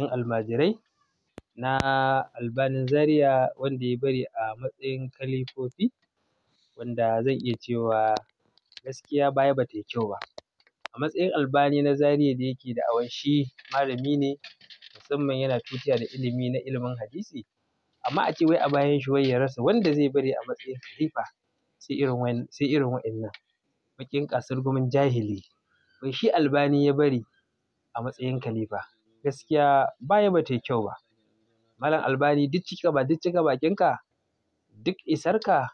cikin almajirai na Albanin Zaria wanda ya bari a matsayin kalifofi wanda zan iya cewa gaskiya baya ba yi kyau ba. A matsayin Albani na Zaria da yake da shi malami ne musamman yana tutiya da ilimi na ilimin hadisi amma a ce wai a bayan shi wai ya rasa wanda zai bari a matsayin khalifa sai irin sai irin wa'innan baƙin ƙasar gumin jahili wai shi Albani ya bari a matsayin khalifa. gaskiya baya ba ta yi kyau ba. Malam Albani duk cika ba duk cika bakinka, duk isarka,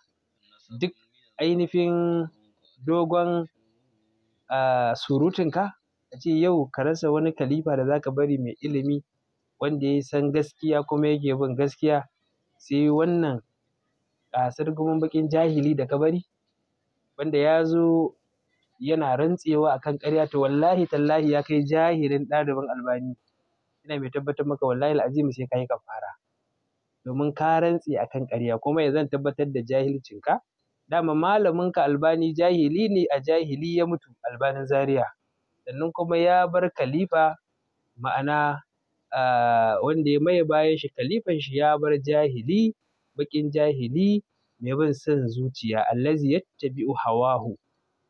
duk ainihin dogon surutunka, a ce yau ka rasa wani kalifa da za ka bari mai ilimi wanda ya san gaskiya kuma yake bin gaskiya sai wannan ƙasar gumin bakin jahili da ka bari wanda ya zo yana rantsewa akan ƙarya to wallahi tallahi ya kai jahilin ɗaliban albani ina mai tabbatar maka wallahi al'azimi sai ka yi kafara domin ka rantse akan ƙarya kuma ya zan tabbatar da jahilcinka dama malamin ka albani jahili ne a jahili ya mutu albanin zaria sannan kuma ya bar khalifa ma'ana wanda ya maye bayan shi khalifan shi ya bar jahili baƙin jahili mai bin son zuciya allazi yattabi'u hawahu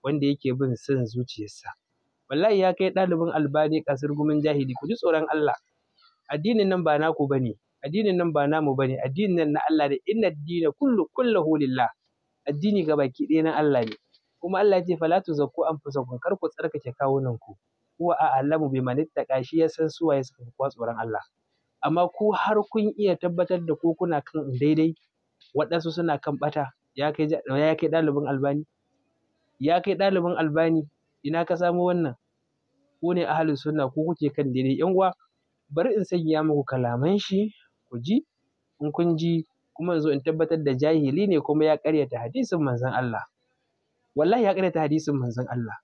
wanda yake bin son zuciyarsa wallahi ya kai ɗalibin albani kasar gumin jahili ku ji tsoron Allah addinin nan ba naku bane addinin nan ba namu bane addinin nan na Allah ne inna dina kullu kulluhu Hulillah. addini baki ɗaya na Allah ne kuma Allah ya ce fala tuzakku anfusakum kar ku tsarkake kawunanku huwa a'lamu biman ittaqa shi ya san suwaye suka fi kuwa tsoron Allah amma ku har kun iya tabbatar da ko kuna kan daidai waɗansu suna kan ɓata ya kai ya kai ɗalibin albani ya kai ɗalibin albani ina ka samo wannan ku ne ahalin sunna ku kuke kan daidai yan uwa bari in sanya muku kalaman shi ku ji in kun ji kuma in zo in tabbatar da jahili ne kuma ya ƙaryata hadisin manzon Allah wallahi ya ƙaryata hadisin manzon Allah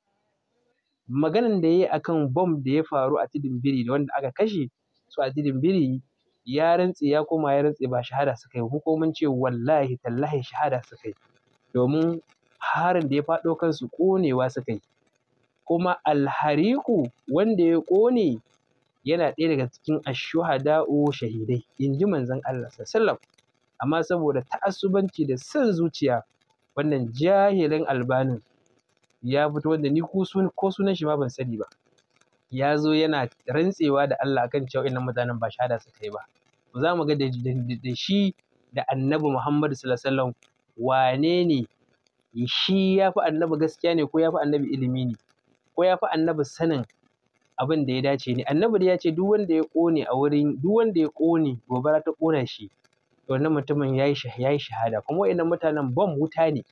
maganan da yayi akan bom da ya faru a tudun biri da wanda aka kashe su a tudun biri ya rantse ya koma ya rantse ba shahada suka yi hukumin ce wallahi tallahi shahada suka yi domin harin da ya faɗo kansu ƙonewa suka yi kuma alhariku wanda ya ƙone yana ɗaya daga cikin ashuhada'u shahidai in ji manzon Allah sallallahu amma saboda ta'assubanci da san zuciya wannan jahilin albanin ya fito wanda ni ko sunan shi ma ban sani ba ya zo yana rantsewa da Allah akan cewa innan mutanen ba shahada su kai ba za mu ga da shi da annabi Muhammadu sallallahu wane ne shi ya fi annabi gaskiya ne ko ya fi annabi ilimi ne ko ya fi annabi sanin abin da ya dace ne annabi dai ya ce duk wanda ya kone a wurin duk wanda ya ƙone gobara ta kona shi wannan mutumin ya yi shahada kuma wa'innan mutanen bom wuta ne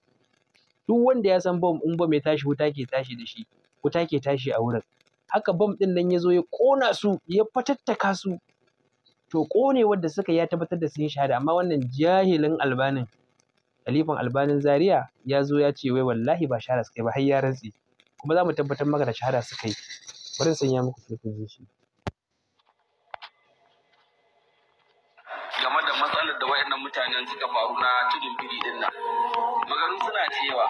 duk wanda ya san bom in bom ya tashi wuta ke tashi da shi wuta ke tashi a wurin haka bom ɗin nan ya zo ya kona su ya fatattaka su to kone wanda suka ya tabbatar da sun yi shahada amma wannan jahilin albanin khalifan albanin zaria ya zo ya ce wai wallahi ba shahada suka yi ba har ya rantse kuma za mu tabbatar maka da shahada suka yi bari in sanya muku sai ji game da matsalar da wayannan mutanen suka faru na tudun biri din nan suna cewa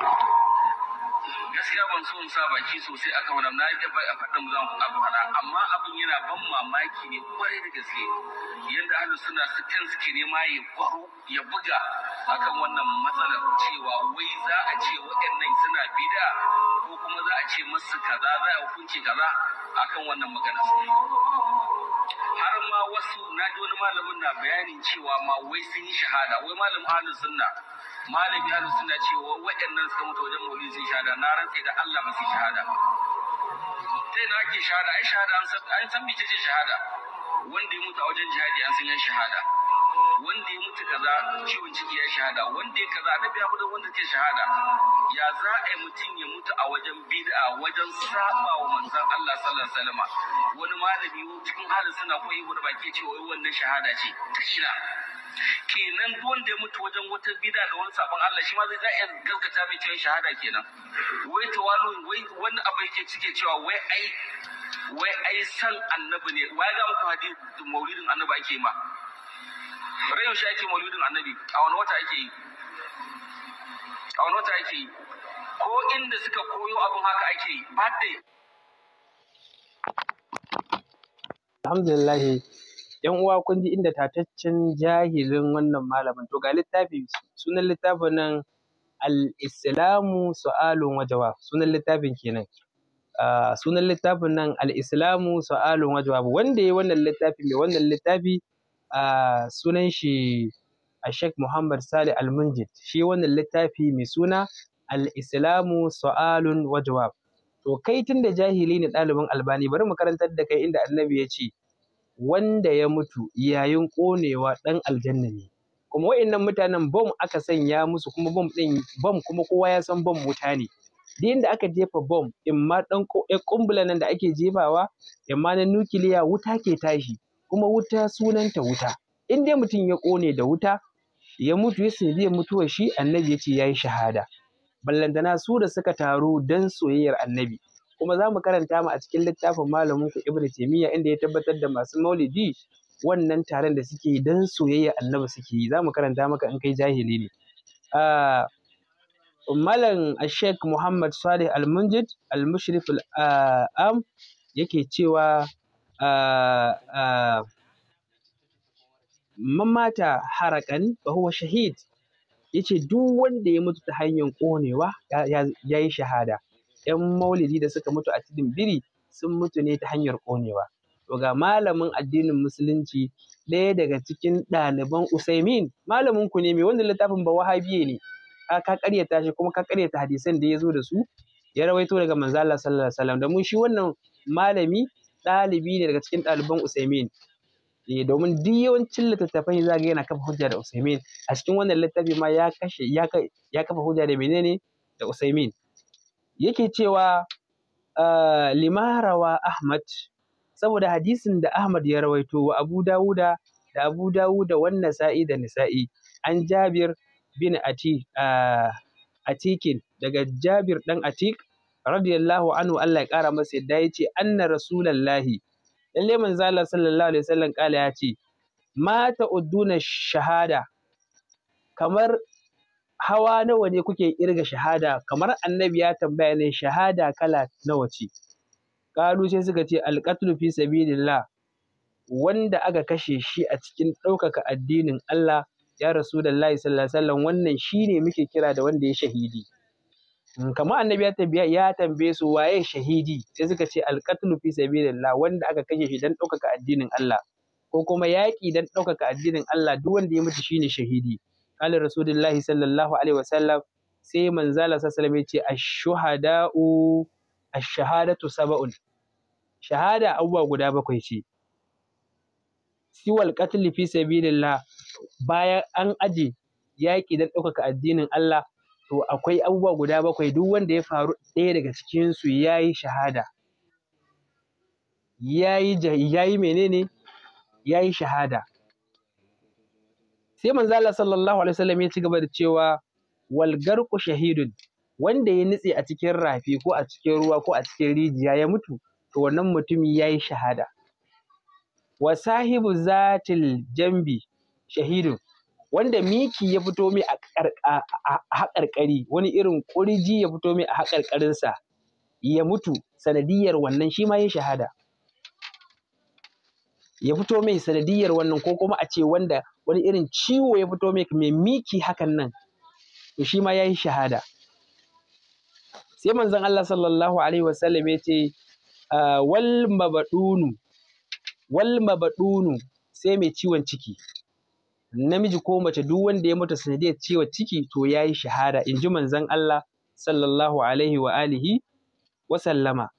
gaskiya ban so in sa baki sosai a wannan na yi bai a faɗin zan abu hada amma abin yana ban mamaki ne kwarai da gaske yadda hannu suna su suke nema ya kwaro ya buga akan wannan matsalar cewa wai za a ce waɗannan suna bida ko kuma za a ce masu kaza za a hukunci kaza akan wannan magana har ma wasu na ji wani malamin na bayanin cewa ma wai sun yi shahada wai malam ahlus sunna malami ahlus sunna cewa wayannan suka mutu wajen mauli sun shahada na rantse da Allah ba su shahada sai na ake shahada ai shahada an san bi ce shahada wanda ya mutu a wajen jihadi an san yan shahada wanda ya mutu kaza ciwon ciki ya shahada wanda ya kaza annabi ya faɗa wanda ke shahada ya za a yi mutum ya mutu a wajen bid'a wajen saba wa manzon Allah sallallahu alaihi wasallam wani malami cikin halin suna koyi wani baki ce wai wannan shahada ce kina kenan wanda ya mutu wajen wata bida da wani sabon Allah shi ma zai za a gaskata mai cewa shahada kenan wai ta wai wani abu yake cike cewa wai ai wai ai san annabi ne wai ga muku hadisi maulidin annabi ake ma bari yaushe ake maulidin annabi a wani wata ake yi a wani wata ake yi ko inda suka koyo abin haka ake yi birthday alhamdulillah yan uwa kun ji inda tataccen jahilin wannan malamin to ga littafi sunan littafin nan al-islamu su'alun wajawa sunan littafin kenan sunan littafin nan al-islamu su'alun wajawa wanda ya wannan littafi mai wannan littafi sunan shi a Sheikh Muhammad sale almunjid shi wannan littafi mai suna Al-Islamu Su'alun wa Jawab to kai tunda jahili ne ɗalibin albani bari mu karantar da kai inda annabi ya ce wanda ya mutu yayin ƙonewa ɗan aljanna ne kuma wa'innan mutanen bom aka sanya musu kuma bom ɗin bom kuma kowa ya san bom wuta ne duk inda aka jefa bom in ma ɗan ƙumbula nan da ake jefawa in ma na nukiliya wuta ke tashi kuma wuta sunanta wuta in dai mutum ya kone da wuta ya mutu ya zai mutuwar shi annabi ya ce ya yi shahada ballantana su da suka taru don soyayyar annabi kuma za mu karanta mu a cikin littafin malamin ku ibnu taymiya inda ya tabbatar da masu maulidi wannan taron da suke yi don soyayyar annabi suke yi za mu karanta maka in kai jahili ne ah, malam Sheikh Muhammad Salih Al-Munjid Al-Mushrif Al-Am yake cewa Ah, ah, mamata harakan Bahuwa shahid yace duk wanda ya mutu ta hanyar ƙonewa ya yi shahada ‘yan maulidi da suka mutu a cikin biri sun mutu ne ta hanyar konewa. to ga malamin addinin musulunci ɗaya daga cikin ɗaliban usaimin malamin ku ne mai wanda littafin ba wahabiye ne ka karyata shi kuma ka karyata hadisan da ya zo da su ya rawaito daga manzala sallallahu alaihi wasallam da shi wannan malami ɗalibi ne daga cikin ɗaliban Usaimin eh, domin duk yawancin littattafai za ga yana kafa hujja da Usaimin a cikin wannan littafi ma ya kashe ya kafa hujja da menene da Usaimin yake cewa ah, limarawa Ahmad saboda hadisin da Ahmad ya rawaito wa Abu Dawuda da Abu Dawuda wan Nasa'i da Nisa'i an Jabir bin Atikin ah, daga Jabir ɗan Atik radiyallahu anhu Allah ya kara masa yadda ya ce anna rasulallahi lalle manzo Allah sallallahu alaihi wasallam kala ya ce ma ta'udduna shahada kamar hawa nawa ne kuke kirga shahada kamar annabi ya tambaya ne shahada kala nawa ce kalu sai suka ce alqatlu fi sabilillah wanda aka kashe shi a cikin ɗaukaka addinin Allah ya rasulullahi sallallahu alaihi wasallam wannan shine muke kira da wanda ya shahidi Mm, kamar annabi ya tambaye ya tambaye su waye shahidi sai suka ce alqatlu fi sabilillah wanda aka kashe shi dan ɗaukaka addinin Allah ko kuma yaƙi dan ɗaukaka addinin Allah duk wanda ya mutu shine shahidi qala rasulullah sallallahu alaihi wasallam sai manzala sallallahu alaihi ce ash-shuhada'u ash-shahadatu sab'un shahada abuwa guda bakwai ce siwal qatl fi sabilillah bayan an aje yaƙi dan ɗaukaka addinin Allah to akwai abubuwa guda bakwai duk wanda ya faru ɗaya daga cikinsu ya yi shahada ya yi menene ya yi shahada sai manzo Allah sallallahu alaihi wasallam ya ci gaba da cewa wal garqu shahidun wanda ya nutse a cikin rafi ko a cikin ruwa ko a cikin rijiya ya mutu to wannan mutumin ya yi shahada wa sahibu zatil jambi shahidun wanda miki ya fito mai a haƙarƙari wani irin ƙurji ya fito mai a haƙarƙarinsa ya mutu sanadiyar wannan shi ma ya shahada ya fito mai sanadiyar wannan ko kuma a ce wanda wani irin ciwo ya fito mai mai miki hakan nan to shi ma ya yi shahada sai manzon Allah sallallahu alaihi wasallam ya ce ah, wal mabadunu wal mabadunu sai mai ciwon ciki namiji ko mace duk wanda ya mutu sanadiyar cewa ciki to ya yi shahada in ji manzon Allah sallallahu alaihi wa alihi wa sallama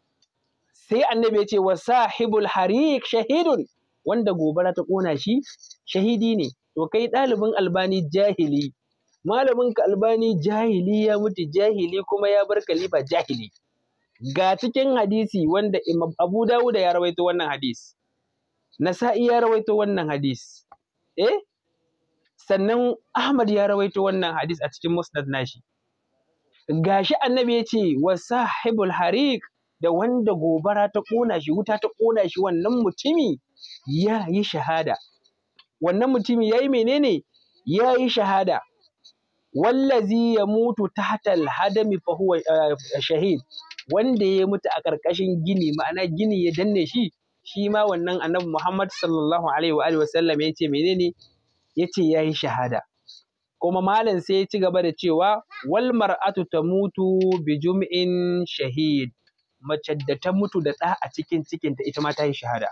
sai annabi ya ce wa sahibul hariq shahidun wanda gobara ta kona shi shahidi ne to kai ɗalibin albani jahili malamin ka albani jahili ya mutu jahili kuma ya bar kalifa jahili ga cikin hadisi wanda abu dawuda ya rawaito wannan hadis nasa'i ya rawaito wannan hadis eh sannan Ahmad ya rawaito wannan hadis a cikin musnad nashi gashi annabi ya ce wa sahibul harik da wanda gobara ta ƙona shi wuta ta kona shi wannan mutumi ya yi shahada wannan mutumi ya yi menene ya yi shahada wallazi ya mutu tahtal hadami fa huwa eh, shahid wanda ya mutu a ƙarƙashin gini ma'ana gini ya danne shi shi ma wannan annabi Muhammad sallallahu alaihi wa alihi ya ce menene ya ce ya yi shahada kuma malam sai ya ci gaba da cewa wal mar'atu tamutu bi jum'in shahid mace da ta mutu da ɗa a cikin cikinta ita ma ta yi shahada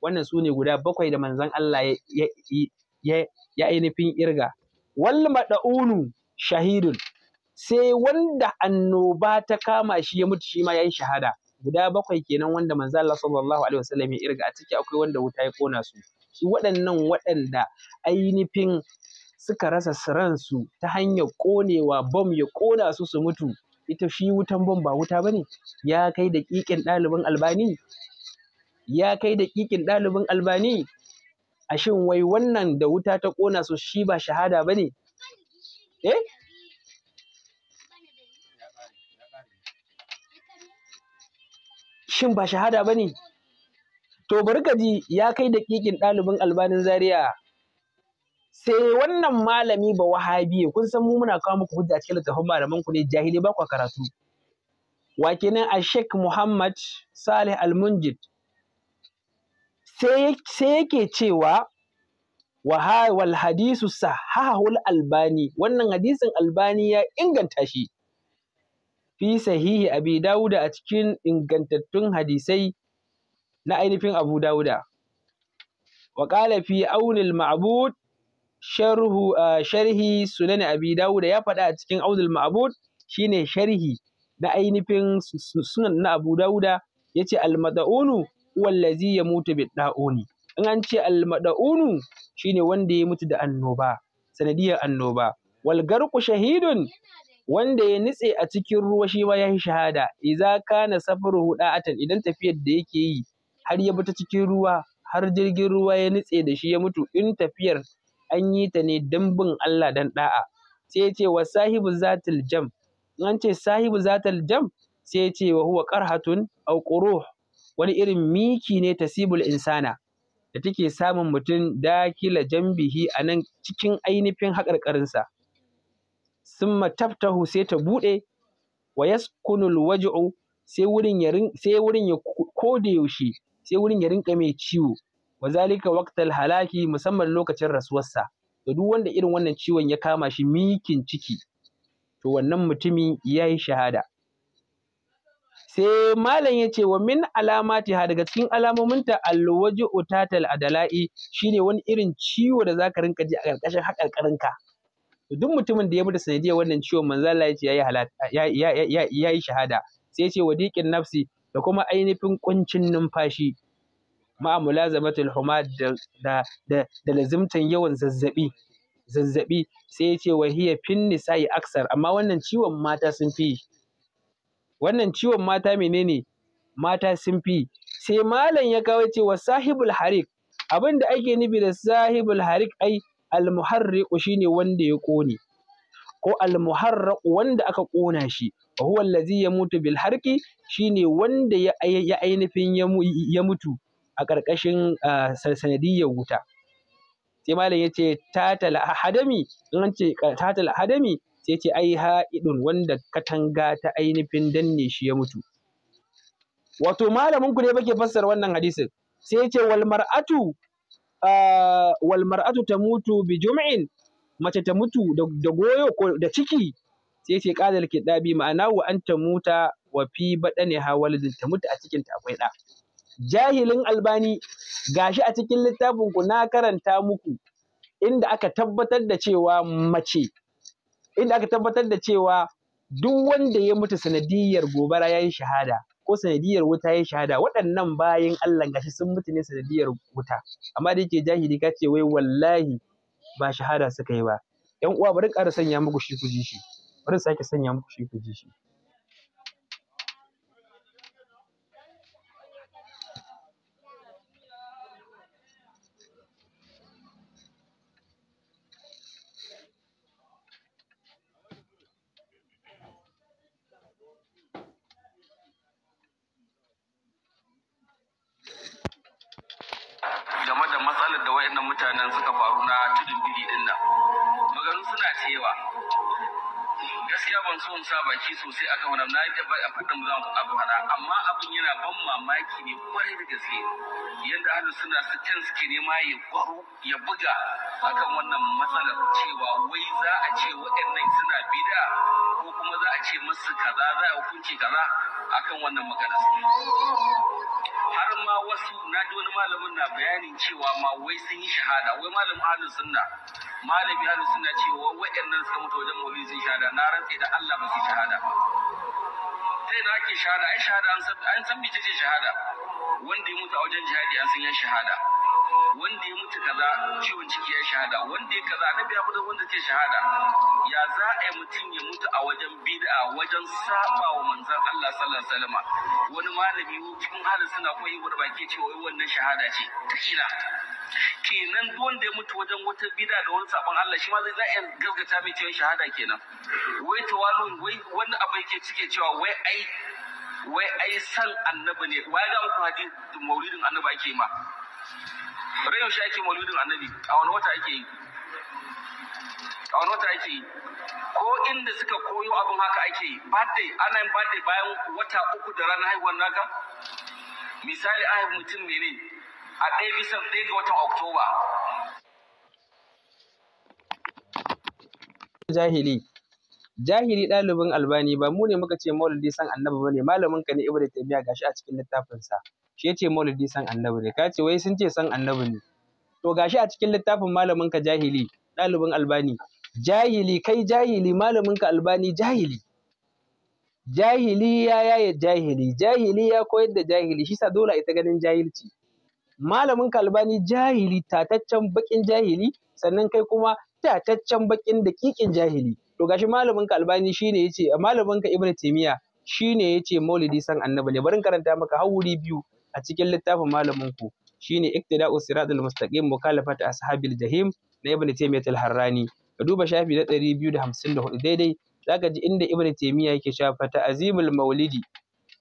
wannan su ne guda bakwai da manzon Allah ya ya ya ainihin irga wal mad'unu shahidun sai wanda annoba ta kama shi ya mutu shi ma yayi shahada guda bakwai kenan wanda manzon Allah sallallahu alaihi wasallam ya irga a ciki akwai wanda wuta ya ƙona su waɗannan waɗanda ainihin suka rasa ransu ta hanyar ƙonewa bom ya ƙona su su mutu ita shi wutan bom ba wuta ba ne? ya kai da ƙiƙin ɗalibin albani ya kai ƙiƙin ɗalibin albani shin wai wannan da wuta ta ƙona su shi ba shahada ne eh shin ba shahada ne To bari ka ji ya kai da daƙiƙin ɗalibin albanin Zaria sai wannan malami ba wahabiye kun san mu muna kawo muku hujja cikin littafin malaman ku ne jahili ba karatu. Wa kenan a Sheikh Muhammad Salih almunjid munjid sai yake cewa wal hadisu sahahul albani wannan hadisin albani ya inganta shi fi sahihi abi dawud a cikin ingantattun hadisai na ainihin Abu Dawuda. Wa qala fi aunil ma'bud sharhu sharhi sunan Abi Dawuda ya faɗa a cikin aunil ma'bud shine sharhi na ainihin sunan na Abu Dawuda yace al-mad'unu wallazi yamutu bid-da'uni in an ce al-mad'unu shine wanda ya mutu da annoba sanadiyar annoba wal garqu shahidun wanda ya nitse a cikin ruwa shi ma yayi shahada idza kana safaru da'atan idan tafiyar da yake yi har ya bi ta cikin ruwa har jirgin ruwa ya nutse da shi ya mutu in tafiyar an yi ta ne don bin Allah dan ɗa'a, sai ya ce wa sahibu zatul jam in an ce sahibu zatul jam sai ya ce wa huwa qarhatun aw quruh wani irin miki ne tasibul insana da take samun mutum dakila jambihi a nan cikin ainihin haƙarƙarinsa. Sun taftahu sai ta buɗe, wa yaskunul waj'u sai wurin ya kode yaushe sai wurin ya rinka mai ciwo wa zalika waqtal halaki musamman lokacin rasuwarsa da duk wanda irin wannan ciwon ya kama shi mikin ciki to wannan mutumi ya yi shahada sai malam ya ce wa min alamati ha daga cikin alamomin alamominta alwaji utatal adala'i shine wani irin ciwo da zaka rinka ji a karkashin hakarkarinka duk mutumin da ya bude sanadiyar wannan ciwon manzo Allah ya ce yayi halata yayi shahada sai ya ce wa nafsi da kuma ainihin ƙuncin numfashi ma'amula, zama da da da, da lazimtan yawan zazzabi zazzabi sai ya ce wahiya fin nisa'i aksar amma wannan ciwon mata sun fi wannan ciwon mata menene mata sun fi sai malam ya kawo ce wa sahibul harik abin ake nufi da sahibul harik ai almuharriqu shine wanda ya ƙone ko almuharraqu wanda aka ƙona shi wa Lazi ya yamutu Bilharƙi harqi shine wanda ya ainihin ya mutu a ƙarƙashin sanadiyar wuta sai malam yace tatal hadami in ce tatal hadami sai ce ai ha'idun wanda katanga ta ainihin danne shi ya mutu wato malamin ku ba ke fassara wannan hadisin sai ce walmar'atu ta mutu mar'atu bi jum'in mace ta mutu da goyo ko da ciki sai ce qadal kitabi ma'ana wa anta muta wa fi ha walidin ta mutu a cikin ta akwai da jahilin albani gashi a cikin littafin ku na karanta muku inda aka tabbatar da cewa mace inda aka tabbatar da cewa duk wanda ya mutu sanadiyar gobara ya yi shahada ko sanadiyar wuta ya yi shahada waɗannan bayan Allah gashi sun mutu ne sanadiyar wuta amma da yake jahili ka ce wai wallahi ba shahada suka yi ba yan uwa bari ƙara sanya muku shi ku ji shi bari in sake sanya muku shi ku ji shi ban baki sosai a kan wannan na da a fadin za abu hada amma abin yana ban mamaki ne kwarai da gaske yadda hannu suna su can suke nema ya gwaro ya buga akan wannan matsalar cewa wai za a ce waɗannan suna bida ko kuma za a ce musu kaza za a hukunci kaza akan wannan magana har ma wasu na ji wani malamin na bayanin cewa ma wai sun yi shahada wai malamin ahlus sunna malami na cewa ce nan suka mutu wajen mobi sun shahada na rantse da Allah ba su shahada ba ta ake shahada ai shahada an san ta ce shahada wanda ya mutu a wajen jihadi an san ya shahada wanda ya mutu kaza ciwon ciki ya shahada wanda ya kaza na biya fada wanda ce shahada ya za a yi mutum ya mutu a wajen bid'a wajen saba wa manzon Allah sallallahu alaihi wasallam wani malami cikin halin suna koyi gurbake cewa wannan shahada ce ta ina kenan don da ya mutu wajen wata bida da wani sabon Allah shi ma zai zai gaskata mai cewa shahada kenan wai tawalu wai wani abu yake cike cewa wai ai wai ai san annabi ne wai ga muku hadisi maulidin annabi ake ma rai yaushe ake maulidin annabi a wani wata ake yi a wani wata ake yi ko inda suka koyo abin haka ake yi birthday ana yin birthday bayan wata uku da ranar haihuwar naka misali a mutum menene a ɗaya bisa ɗaya ga watan Oktoba. Jahili Jahili ɗalibin albani ba mu ne muka ce maulidi san annabi ba ne malamin ka ne ibrahim taymiya gashi a cikin littafinsa shi ya ce maulidi san annabi ne ka ce wai sun ce san annabi ne to gashi a cikin littafin malamin ka jahili ɗalibin albani jahili kai jahili malamin ka albani jahili jahili ya yaye jahili jahili ya koyar da jahili shi sa dole ita ganin jahilci malamin kalbani jahili tataccen bakin jahili sannan kai kuma tataccen bakin daƙiƙin jahili to gashi malamin kalbani shine yace malamin ka ibnu taymiya shine yace maulidi san annabi ne barin karanta maka hawuri biyu a cikin littafin malamin ku shine iktida'us siratul mustaqim mukhalafat ashabil jahim na ibnu taymiyyah al-harrani ka duba shafi na 254 daidai zaka ji inda ibnu taymiyyah yake shafa ta azimul maulidi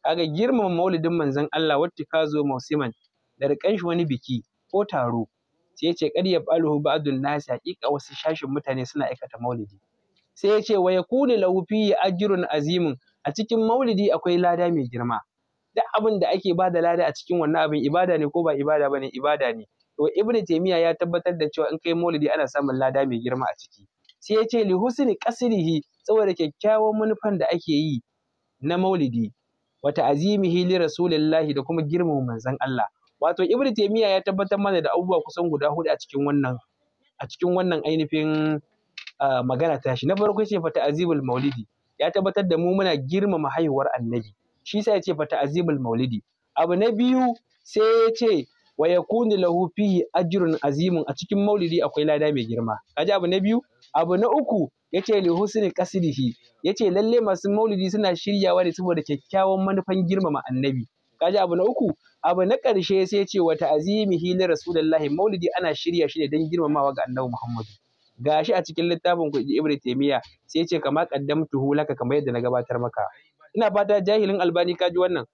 kaga girmama maulidin manzon Allah wacce ka zo mausiman da riƙan shi wani biki ko taro sai ya ce kad yaf'aluhu ba'dun nasi haƙiƙa wasu shashin mutane suna aikata maulidi sai ya ce wa yakunu lahu fihi ajrun azimun a cikin maulidi akwai lada mai girma duk abin da ake bada lada a cikin wannan abin ibada ne ko ba ibada bane ibada ne to ibnu taymiya ya tabbatar da cewa in kai maulidi ana samun lada mai girma a ciki sai ya ce li husni qasrihi saboda kyakkyawan manufan da ake yi na maulidi wa ta'zimihi li rasulillahi da kuma girmama manzon Allah wato ibnu taymiya ya tabbatar mana da abubuwa kusan guda hudu a cikin wannan a cikin wannan ainihin ah, magana ta shi na farko ce fa ta'azibul maulidi ya tabbatar da mu muna girmama haihuwar annabi shi yasa ya ce fa ta'azibul maulidi abu na biyu sai ya ce wa yakunu lahu fihi ajrun azimun a cikin maulidi akwai lada mai girma kaji abu na biyu abu na uku yace li husni qasdihi yace lalle masu maulidi suna shiryawa ne saboda kyakkyawan manufan girmama annabi kaji abu na uku abu na ƙarshe sai ce wa ta'azimi li rasulullahi maulidi ana shirya shi ne don girmamawa ga annabi muhammadu shi a cikin littafin ku ibn taymiya sai ce kama qaddamtuhu laka kamar yadda na gabatar maka ina fata jahilin albani kaji wannan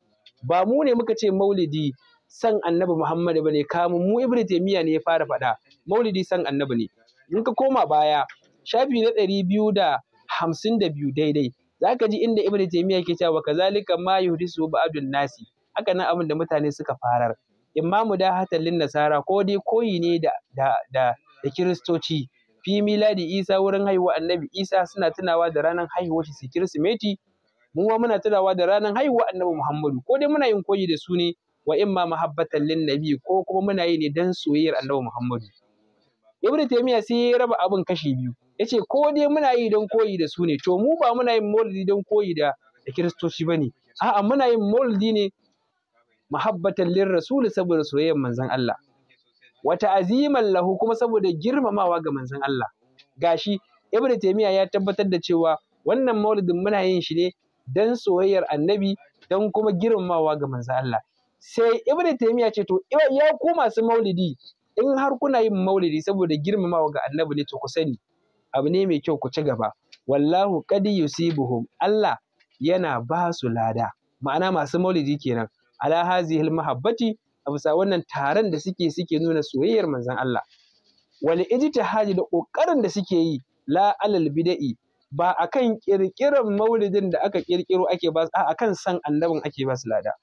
ba mu ne muka ce maulidi san annabi muhammadu bane kamun mu ibn taymiya ne ya fara faɗa maulidi san annabi ne in ka koma baya shafi na ɗari biyu da hamsin da biyu daidai za ka ji inda Ibrahim taymiya ke cewa kazalika ma yuhdisu ba'dun nasi haka nan abin da mutane suka farar imma da hatallin nasara ko dai koyi ne da da da, da kiristoci fi miladi isa wurin haihuwa annabi isa suna tunawa da ranar haihuwar shi kirsimeti mu ma muna tunawa da ranar haihuwa annabi muhammadu ko dai muna yin koyi da su ne wa imma mahabbatan lin nabi ko kuma muna yi ne dan soyayyar annabi muhammadu Ibrahim taymiya sai ya raba abin kashi biyu yace ko dai muna yi don koyi da su ne to mu ba muna yin maulidi don koyi da da kiristoci bane a'a muna yin maulidi ne mahabbatan lir rasul saboda soyayyar manzon Allah wata aziman lahu kuma saboda girmamawa ga manzon Allah gashi ibnu taymiya ya tabbatar da cewa wannan maulidin muna yin shi ne dan soyayyar annabi dan kuma girmamawa ga manzon Allah sai ibnu taymiya ce to ya ku masu maulidi in har kuna yin maulidi saboda girmamawa ga annabi ne to ku sani abu ne mai kyau ku ci gaba wallahu qad yusibuhum Allah yana ba su lada ma'ana masu maulidi kenan ala hazihil mahabbati a bisa wannan taron da suke suke nuna soyayyar manzon Allah wal ijtihadi da kokarin da suke yi la alal bid'i ba akan kirkiran maulidin da aka kirkiro ake ba a akan san annabin ake ba su lada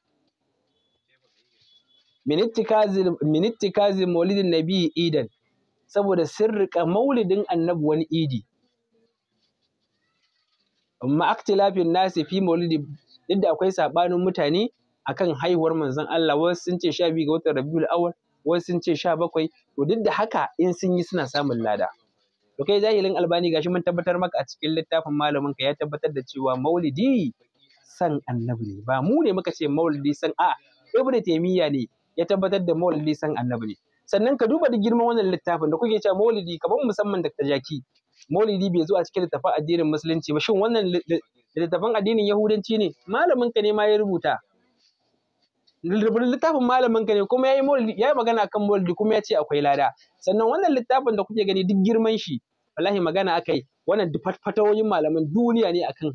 maulidin nabi idan saboda sirrika maulidin annabi wani idi amma aktilafin nasi fi maulidi duk akwai sabanin mutane akan haihuwar manzon Allah wasu sun ce sha biyu ga watan Rabiul Awwal wasu sun ce sha bakwai to duk da haka in sun yi suna samun lada to kai jahilin albani gashi mun tabbatar maka a cikin littafin malamin ka ya tabbatar da cewa maulidi san annabi ne ba mu ne muka ce maulidi san a ibn taymiya ne ya tabbatar da maulidi san annabi ne sannan ka duba duk girman wannan littafin da kuke cewa maulidi kamar musamman Dr. Jaki maulidi bai zo a cikin littafin addinin musulunci ba shin wannan littafin addinin yahudanci ne malamin ka ne ma ya rubuta littafin malamin ka ne kuma yayi yi yayi magana akan maulidi kuma ya ce akwai lada sannan wannan littafin da kuke gani duk girman shi wallahi magana akai wannan fatfatoyin malaman duniya ne akan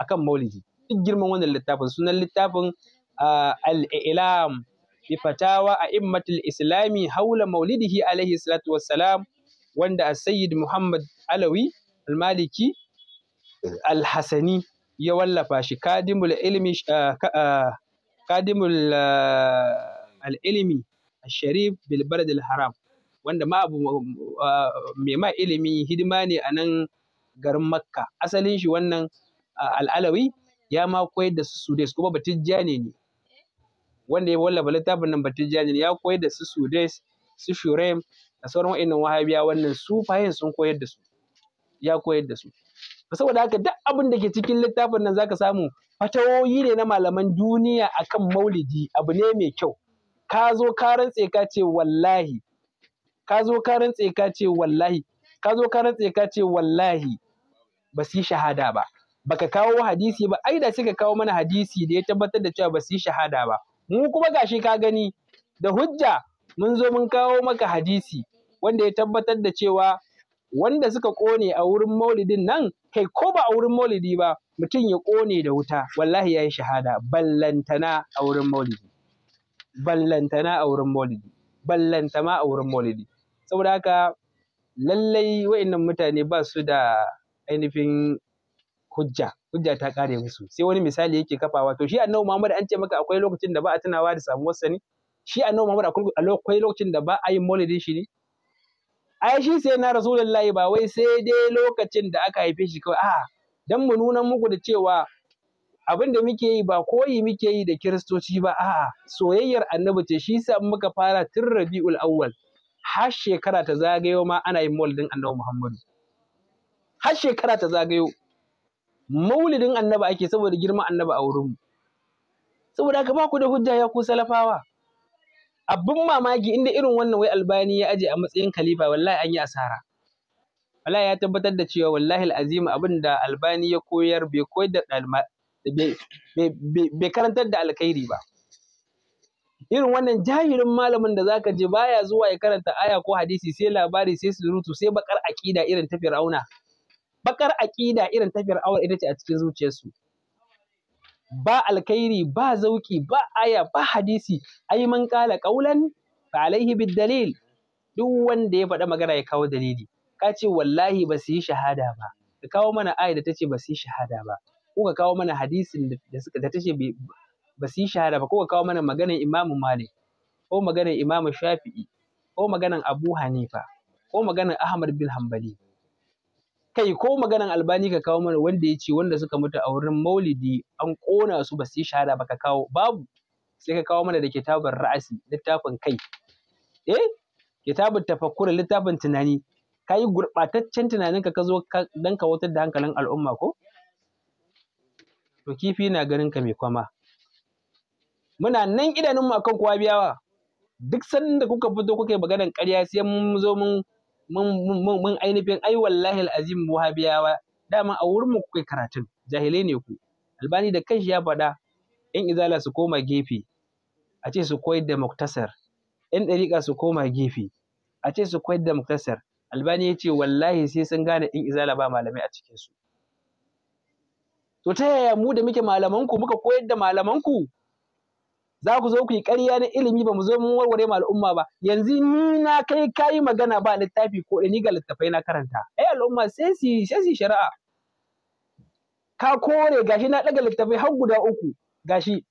akan maulidi duk girman wannan littafin sunan littafin ah, al-ilam bi fatawa a immatul islami haula maulidihi alaihi salatu wassalam wanda sayyid muhammad alawi al-maliki al-hasani ya wallafa shi kadimul ilmi ah, ah, kadimul eh, al sharif al haram wanda ma abu eh, mai ma ilimi hidima ne a nan garin makka asalin shi wannan eh, al'alawi ya ma koyar da su Sudes kuma batijjani ne wanda ya wallafa littafin nan batijjani ne ya koyar da su Sudes, su shurem da sauran wa'annan wahabiya wannan su fahin sun koyar da su ya koyar da su saboda haka duk abin da ke cikin littafin nan zaka samu fatawoyi ne na malaman duniya akan maulidi abu ne mai kyau ka zo ka rantse ka ce wallahi ka zo ka rantse ka ce wallahi ka zo ka rantse ka ce wallahi ba su yi shahada ba baka kawo hadisi ba ai da suka kawo mana hadisi da ya tabbatar da cewa ba su yi shahada ba mu kuma gashi ka gani da hujja mun zo mun kawo maka hadisi wanda ya tabbatar da cewa wanda suka ƙone a wurin maulidin nan kai ko ba a wurin maulidi ba mutum ya ƙone da wuta wallahi ya yi shahada ballantana a wurin maulidi ballantana a wurin maulidi ballantama a wurin maulidi saboda haka lallai wa'innan mutane ba su da ainihin hujja hujja ta kare musu sai wani misali yake kafawa to shi annabi Muhammad an ce maka akwai lokacin da ba a tunawa da samuwar sa ne shi annabi Muhammad akwai lokacin da ba a yin maulidin shi ne ai shi sai na rasulullahi ba wai sai dai lokacin da aka haife shi kawai a'a dan mu nuna muku da cewa abin da muke yi ba koyi muke yi da kiristoci ba a'a soyayyar annabi ce shi sa muka fara tun rabi'ul awwal har shekara ta zagayo ma ana yin maulidin annabi muhammadu har shekara ta zagayo maulidin annabi ake saboda girman annabi a wurin mu. saboda ka ba ku da hujja ya ku salafawa abin mamaki inda irin wannan wai albani ya aje a matsayin khalifa wallahi an yi asara wallahi ya tabbatar da cewa wallahi al'azim abin da albani ya koyar bai koyar da bai karantar da alkhairi ba irin wannan jahilin malamin da zaka je baya zuwa ya karanta aya ko hadisi sai labari sai surutu sai bakar aqida irin ta fir'auna bakar aqida irin ta fir'auna ita ce a cikin zuciyarsu ba alkhairi ba zauki ba aya ba hadisi ai man kala qaulan fa alaihi bid-dalil duk wanda ya faɗa magana ya kawo dalili ka ce wallahi ba su yi shahada ba ka kawo mana aya da ta ba su yi shahada ba ko ka kawo mana hadisin da ta ce ba su yi shahada ba ko ka kawo mana maganar imamu malik ko maganar imamu shafi'i ko maganar abu hanifa ko maganar ahmad bin hanbali kai ko maganan albani ka kawo mana wanda ya ce wanda suka mutu a wurin maulidi an ƙona su ba su yi shahada ba ka kawo babu sai ka kawo mana da kitabar ra'asi littafin kai eh kitabun tafakkur littafin tunani ka yi gurɓataccen tunanin ka zo don ka wutar da hankalin al'umma ko to kifi na ganin ka mai kwama muna nan idanunmu akan kowa biyawa duk sanda kuka fito kuka yi maganan ƙarya sai mun zo mun mun ainihin ai wallahi azim wahabiyawa dama a wurin mu kuke karatun jahilai ne ku albani da kanshi ya faɗa yan izala su koma gefe a ce su koyar da muktasar yan ɗariƙa su koma gefe a ce su koyar da muktasar albani ya ce wallahi sai sun gane yan izala ba malamai a cikinsu to ta yaya mu da muke malamanku muka koyar da malamanku za ku zo ku yi ƙarya na ilimi ba mu zo mun warware ma al'umma ba yanzu ni na kai kayi magana ba littafi ko ni ga littafai na karanta ai eh, al'umma sai su sai su shari'a ka kore gashi na daga littafai har guda uku gashi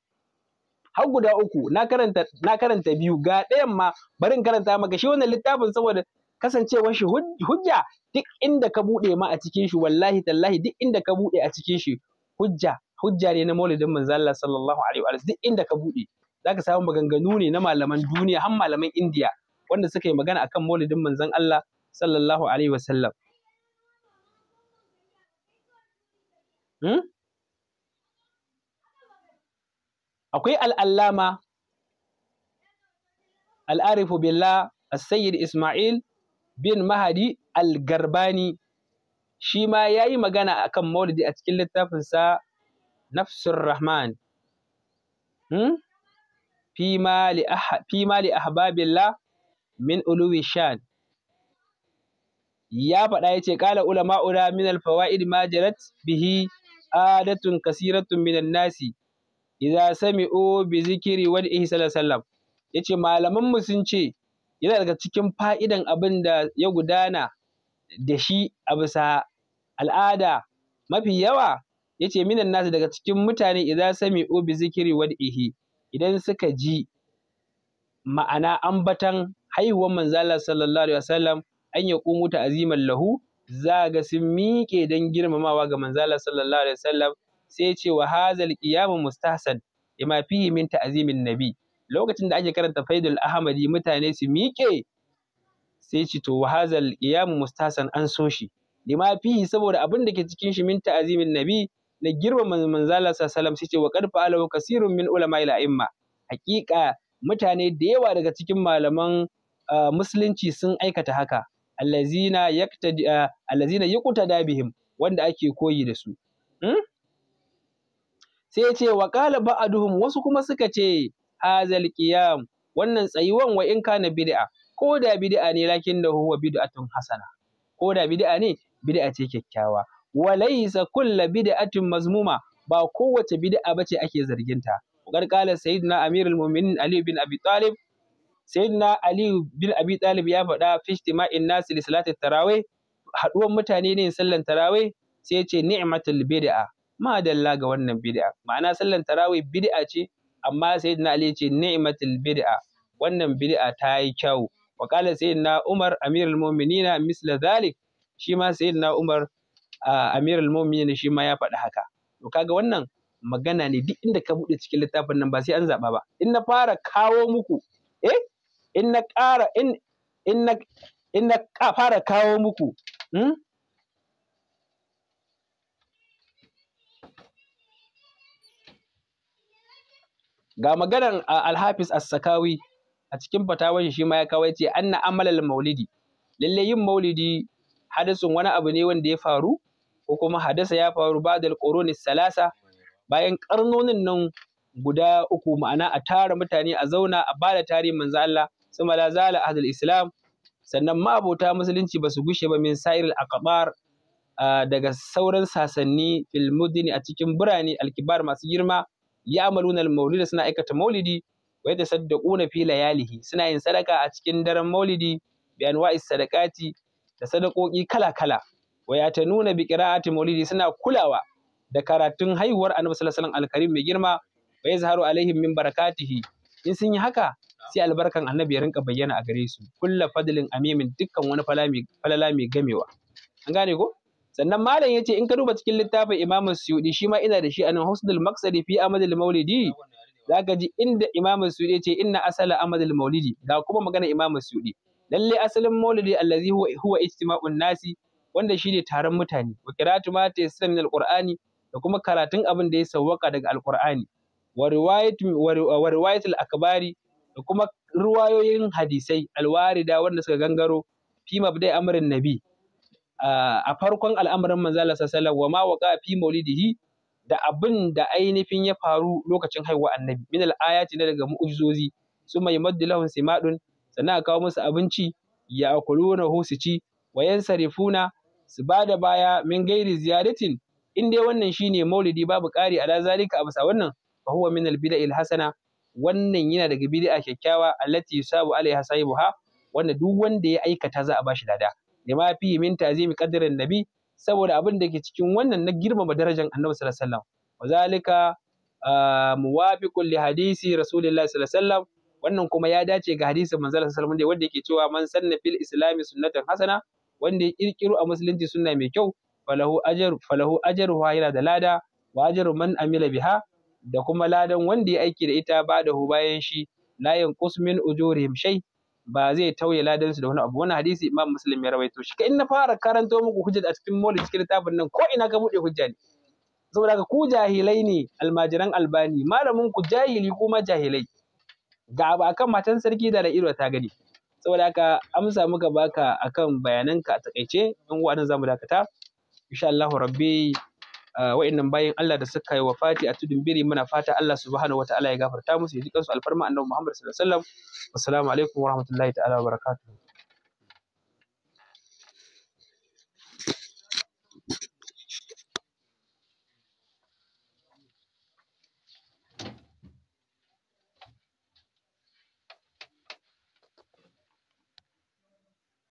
har guda uku na karanta na karanta biyu ga ɗayan ma barin karanta maka shi wannan littafin saboda kasancewar shi hujja duk inda ka buɗe ma a cikin shi wallahi tallahi duk inda ka buɗe a cikin shi hujja hujja ne na maulidin manzalla sallallahu alaihi wa duk inda ka buɗe zaka samu maganganu ne na malaman duniya har malaman indiya wanda suka yi magana akan maulidin manzon Allah sallallahu alaihi wa sallam hmm? akwai al'allama al'arifu billah as-sayyid isma'il bin mahadi al-garbani shi ma ya yi magana akan maulidi a cikin littafinsa nafsur rahman hmm? fi mali ahbabillah min uluwi shan ya faɗa ya ce ƙala ulama ura min alfawa'id ma jarat bihi adatun kasiratun minan nasi idza sami'u bi zikri wa ihi sallallahu yace malaman mu sun ce yana daga cikin fa'idan abin da ya gudana da shi a bisa al'ada mafi yawa yace minan nasu daga cikin mutane idza sami'u bi zikri wad'ihi idan suka ji ma'ana ambatan haihuwar manzo Allah sallallahu alaihi wasallam an yaqumu ta'ziman lahu za ga sun miƙe don girmamawa ga manzo Allah sallallahu alaihi wasallam sai ce wa hazal qiyam mustahsan ima fihi min ta'zimin nabi lokacin da ake karanta faidul ahmadi mutane su miƙe sai ce to wa hazal qiyam mustahsan an so shi lima fihi saboda abin da ke cikin shi min ta'zimin nabi na girmama manzala sallam shi ce wa qad fa'alahu kasirun min ulama ila imma haƙiƙa mutane da yawa daga cikin malaman musulunci sun aikata haka allazina yaktadi allazina yuqtada bihim wanda ake koyi da su hmm? sai ya ce wa qala ba'aduhum wasu kuma suka ce hazal qiyam wannan tsayuwan wa in kana bid'a ko da bid'a ne lakin da huwa bid'atun hasana ko da bid'a ne bid'a ce kyakkyawa wa laysa kullu bid'atin mazmuma ba kowace bid'a bace ake zarginta وقد قال سيدنا أمير المؤمنين علي بن أبي طالب سيدنا علي بن أبي طالب يا فدا في اجتماع الناس لصلاة التراويح haɗuwar mutane ne sallan tarawih sai ya ce ni'matul bid'a ma dalla ga wannan bid'a ma'ana sallan tarawih bid'a ce amma sayyidina Ali ya ce ni'matul bid'a wannan bid'a ta yi kyau wa qala sayyidina Umar amirul mu'minina misla dhalik shi ma sayyidina Umar amir al-mu'minin shi ma ya faɗi haka to kaga wannan magana ne duk inda ka buɗe cikin littafin nan ba sai an zaɓa ba in na fara kawo muku eh in na ƙara in in na in na fara kawo muku hmm? ga maganar alhafiz as-sakawi a cikin fatawan shi ma ya kawai ce anna amalal maulidi lalle yin maulidi hadisin wani abu ne wanda ya faru ko kuma hadasa ya faru ba'dal quruni salasa bayan karnonin nan guda uku ma'ana a tara mutane a zauna a bada tarihin manzo Allah suma la zala ahlul islam sannan ma'abota musulunci basu gushe ba min sa'iril aqbar daga sauran sasanni fil mudini a cikin birane alkibar masu girma ya amaluna maulida suna aikata maulidi wa yatasaddaquna fi layalihi suna yin sadaka a cikin daren maulidi bi anwa'is sadaqati da sadaqoqi kala-kala wa nuna bi qira'ati maulidi suna kulawa da karatun haihuwar annabi sallallahu alaihi alkarim mai girma wa yazharu alaihim min barakatihi in sun yi haka sai albarkan annabi ya rinka bayyana a gare su kulla fadlin amimin dukkan wani falala mai gamewa an gane ko sannan malam yace in ka duba cikin littafin imam suyudi shi ma ina da shi anan husnul maqsadi fi amadil maulidi zaka ji inda imam suyudi yace inna asala amadil maulidi ga kuma magana imam suyudi lalle asalin maulidi allazi huwa ijtima'un nasi wanda shi ne taron mutane wa kira ma tayassara min alqur'ani da kuma karatun abin da ya sawwaka daga alqur'ani wa riwayatu wa da kuma ruwayoyin hadisai alwarida wanda suka gangaro fi mabda'i amrin nabi a farkon al'amarin manzo Allah sallallahu wa ma waqa fi maulidihi da abin da ainihin ya faru lokacin haihuwa annabi min al'ayati na daga mu'jizozi su mai maddu lahun simadun sannan a kawo musu abinci ya akuluna su ci wa su ba da baya min gairi ziyaratin in dai wannan shine maulidi babu ƙari ala zalika a bisa wannan fa huwa min albida bid'il hasana wannan yana daga bid'a kyakkyawa allati yusabu alaiha sahibuha wanda duk wanda ya aikata za a bashi lada ma fi min tazimi qadarin nabi saboda abin da ke cikin wannan na girmama darajar annabi sallallahu alaihi wasallam zalika ah, muwafiqun li hadisi rasulillahi sallallahu alaihi wasallam wannan kuma ya dace ga hadisin manzon sallallahu alaihi wasallam wanda yake cewa man sanna fil islami sunnatan hasana wanda ya kirkiro a musulunci suna mai kyau falahu Ajar, falahu Ajar yana da lada wa ajar man amila biha da kuma ladan wanda ya aiki da ita ba da hu bayan shi la kusmin min ujurihim shay ba zai tauye ladan su da wani abu wannan hadisi imam muslim ya rawaito shi kai na fara karanto muku hujjat a cikin mawlid cikin littafin nan ko ina ka bude hujja ne saboda ka ku jahilai ne almajiran albani malamin ku jahili kuma jahilai ga abu akan matan sarki da da ta gani saboda haka amsa muka baka akan ka a takaice in za zamu dakata insha Allah rabbi wa'annan bayan Allah da suka yi wafati a tudun biri muna fata Allah subhanahu wataala ya gafarta musu ya ji kansu alfarma annabi Muhammad sallallahu alaihi wasallam assalamu alaikum warahmatullahi ta'ala wabarakatuh